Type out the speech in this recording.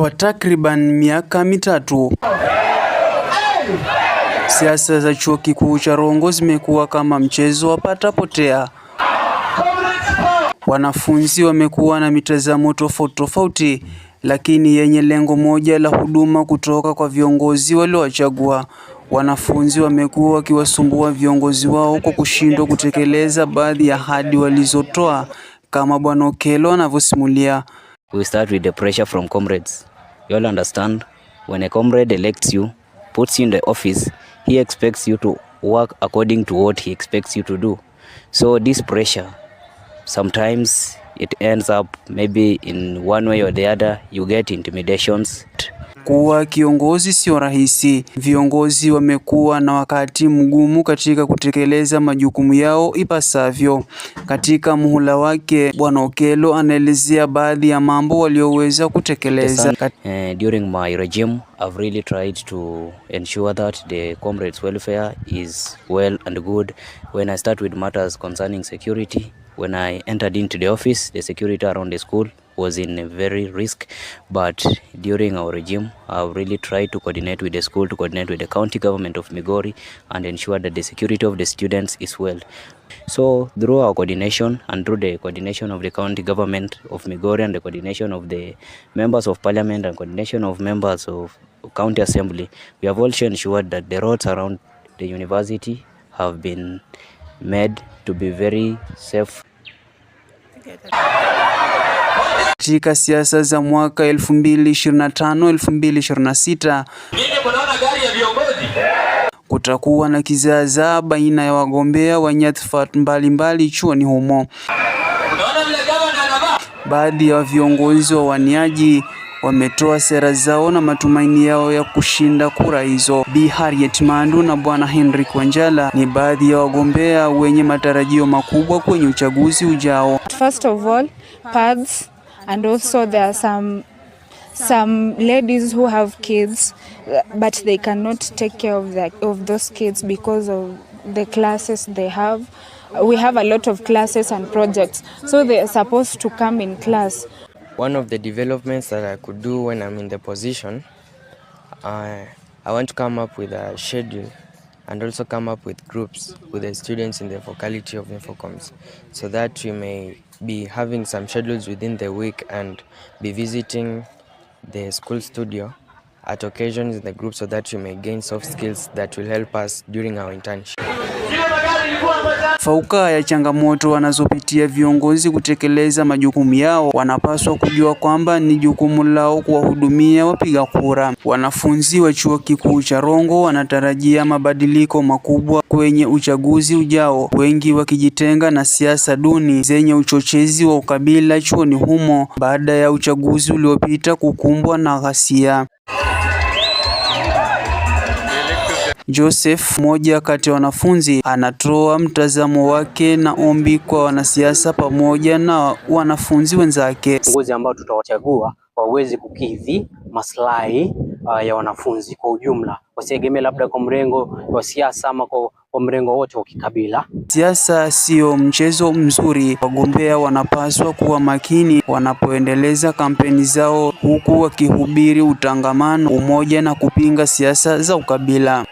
wa takriban miaka mitatu, siasa za Chuo Kikuu cha Rongo zimekuwa kama mchezo wa patapotea. Wanafunzi wamekuwa na mitazamo tofauti tofauti, lakini yenye lengo moja la huduma kutoka kwa viongozi waliowachagua. Wanafunzi wamekuwa wakiwasumbua viongozi wao kwa kushindwa kutekeleza baadhi ya ahadi walizotoa, kama Bwana Okelo anavyosimulia. We start with the pressure from comrades. You all understand? When a comrade elects you, puts you in the office, he expects you to work according to what he expects you to do. So this pressure, sometimes it ends up maybe in one way or the other, you get intimidations. Kuwa kiongozi sio rahisi. Viongozi wamekuwa na wakati mgumu katika kutekeleza majukumu yao ipasavyo. Katika muhula wake, Bwana Okello anaelezea baadhi ya mambo walioweza kutekeleza. Uh, during my regime I've really tried to ensure that the comrades welfare is well and good when I start with matters concerning security when I entered into the office the security around the school was in very risk but during our regime I've really tried to coordinate with the school to coordinate with the county government of Migori and ensure that the security of the students is well so through our coordination and through the coordination of the county government of Migori and the coordination of the members of parliament and coordination of members of county assembly we have also ensured that the roads around the university have been made to be very safe together. katika siasa za mwaka 2025 2026. Kutakuwa na kizaazaa baina ya wagombea wa nyadhifa mbalimbali chuoni humo. Baadhi ya viongozi wa waniaji wametoa sera zao na matumaini yao ya kushinda kura hizo. Bi Harriet Mandu na Bwana Henry Kwanjala ni baadhi ya wagombea wenye matarajio makubwa kwenye uchaguzi ujao. First of all, pads and also there are some some ladies who have kids but they cannot take care of the, of those kids because of the classes they have we have a lot of classes and projects so they are supposed to come in class one of the developments that I could do when I'm in the position uh, I want to come up with a schedule and also come up with groups with the students in the focality of Infocoms so that we may be having some schedules within the week and be visiting the school studio at occasions in the group so that we may gain soft skills that will help us during our internship. Fauka ya changamoto wanazopitia viongozi kutekeleza majukumu yao, wanapaswa kujua kwamba ni jukumu lao kuwahudumia wapiga kura. Wanafunzi wa chuo kikuu cha Rongo wanatarajia mabadiliko makubwa kwenye uchaguzi ujao, wengi wakijitenga na siasa duni zenye uchochezi wa ukabila chuoni humo baada ya uchaguzi uliopita kukumbwa na ghasia. Joseph, mmoja kati ya wanafunzi, anatoa mtazamo wake na ombi kwa wanasiasa pamoja na wanafunzi wenzake. Viongozi ambao tutawachagua waweze kukidhi maslahi uh, ya wanafunzi kwa ujumla, wasiegemee labda kwa mrengo wa siasa ama kwa kwa mrengo wote wa kikabila. Siasa sio mchezo mzuri. Wagombea wanapaswa kuwa makini wanapoendeleza kampeni zao, huku wakihubiri utangamano, umoja na kupinga siasa za ukabila.